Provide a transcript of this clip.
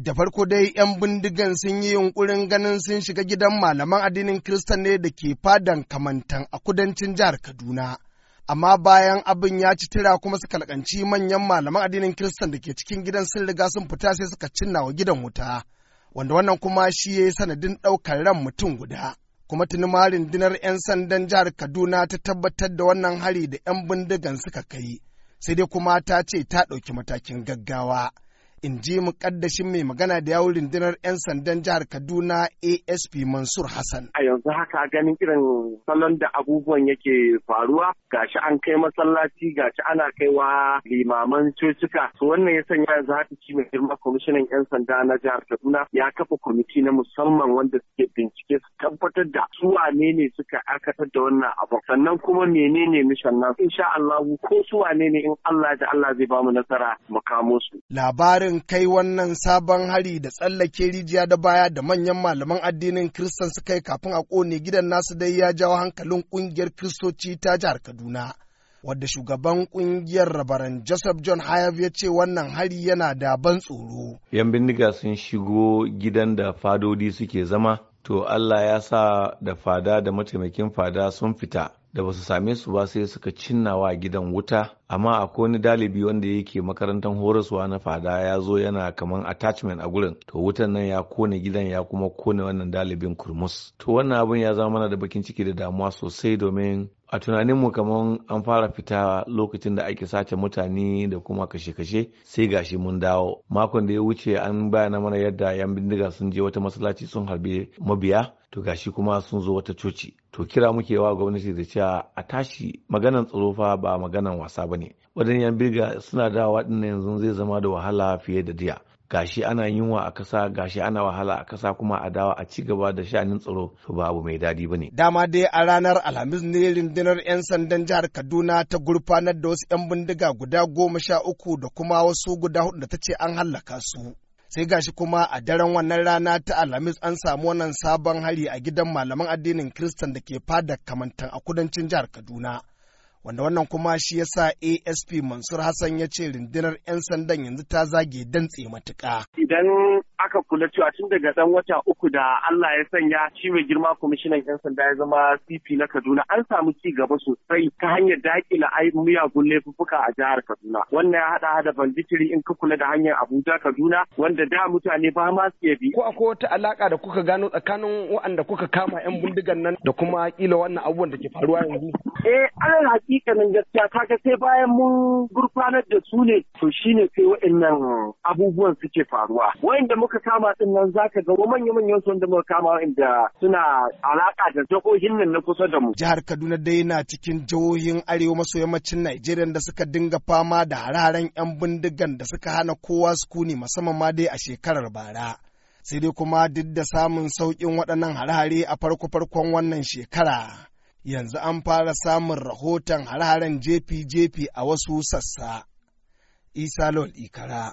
Da farko dai 'yan bindigan sun yi yunkurin ganin sun shiga gidan malaman addinin Kirista ne da ke fadan kamantan a kudancin jihar Kaduna. Amma bayan abin ya ci tira kuma suka lakanci manyan malaman addinin Kiristan da ke cikin gidan sun riga sun fita sai suka cinna wa gidan wuta, wanda wannan kuma shi ya yi sanadin ɗaukar ran mutum guda. Kuma tuni ma rundunar 'yan sandan jihar Kaduna ta tabbatar da wannan hari da 'yan bindigan suka kai, sai dai kuma ta ce ta ɗauki matakin gaggawa. in ji mukaddashin mai magana da yawon rundunar 'yan sandan jihar Kaduna ASP Mansur Hassan. A yanzu haka ganin irin salon da abubuwan yake faruwa gashi an kai masallaci gashi ana kaiwa limaman cocika to wannan ya sanya yanzu haka ci mai girma kwamishinan 'yan sanda na jihar Kaduna ya kafa kwamiti na musamman wanda suke bincike su tabbatar da su wane ne suka aikatar da wannan abu sannan kuma menene mishan nan insha Allah ko su wane ne in Allah da Allah zai ba mu nasara mu kamo su. Labarin irin kai wannan sabon hari da tsallake rijiya da baya da manyan malaman addinin Kiristan suka yi kafin a ƙone gidan nasu dai ya jawo hankalin ƙungiyar Kiristoci ta jihar Kaduna. Wadda shugaban ƙungiyar rabaran Joseph John Hayab ya ce wannan hari yana da ban tsoro. Yan bindiga sun shigo gidan da fadodi suke zama, to Allah ya sa da fada da mataimakin fada sun fita. da ba su same su ba sai suka cinnawa gidan wuta amma akwai wani dalibi wanda yake makarantar horaswa na fada ya zo yana kaman attachment a gurin to wutan nan ya kone gidan ya kuma kone wannan dalibin kurmus to wannan abin ya zama mana da bakin ciki da damuwa sosai domin a tunanin mu kamar an fara fita lokacin da ake sace mutane da kuma kashe-kashe sai gashi mun dawo makon da ya wuce an bayana mana yadda yan bindiga sun je wata masallaci sun harbe mabiya to gashi kuma sun zo wata coci to kira muke wa gwamnati da cewa a tashi maganan tsaro fa ba maganan wasa ba ne. wadannan yan bindiga suna dawowa din yanzu zai zama da wahala fiye da diya gashi ana yunwa a kasa gashi ana wahala a kasa kuma a dawa a ci gaba da sha'anin tsaro ba babu mai daɗi bane dama dai a ranar alhamis ne rundunar 'yan sandan jihar kaduna ta gurfanar da wasu 'yan bindiga guda goma sha uku da kuma wasu guda hudu da ta ce an hallaka su sai gashi kuma a daren wannan rana ta alhamis an samu wannan sabon hari a gidan malaman addinin kristan da ke fada kamantan a kudancin jihar kaduna wanda wannan kuma shi ya sa asp mansur hassan ya ce rundunar 'yan sandan yanzu ta zage dantse matuka. idan aka kula cewa tun daga dan wata uku da Allah ya sanya shi mai girma kwamishinan 'yan sanda ya zama CP na Kaduna an samu ci gaba sosai ta hanyar dakila ai miyagun laifuffuka a jihar Kaduna. Wannan ya hada da banditiri in ka kula da hanyar Abuja Kaduna wanda da mutane ba ma su bi. Ko akwai wata alaka da kuka gano tsakanin waɗanda kuka kama 'yan bindigan nan da kuma kila wannan abubuwan da ke faruwa yanzu? Eh, alal hakikanin gaskiya kaga sai bayan mun gurfanar da su ne to shine sai waɗannan abubuwan suke faruwa. Wa'inda muka kama din nan zaka ga manya-manyan su wanda muka kama inda suna alaka da jihohin nan na kusa da mu. Jihar Kaduna dai na cikin jihohin arewa maso yammacin Najeriya da suka dinga fama da hararen 'yan bindigan da suka hana kowa sukuni musamman ma dai a shekarar bara. Sai dai kuma duk da samun sauƙin waɗannan hare a farko-farkon wannan shekara. yanzu an fara samun rahoton hare-haren jefi-jefi a wasu sassa. Isa Lol Ikara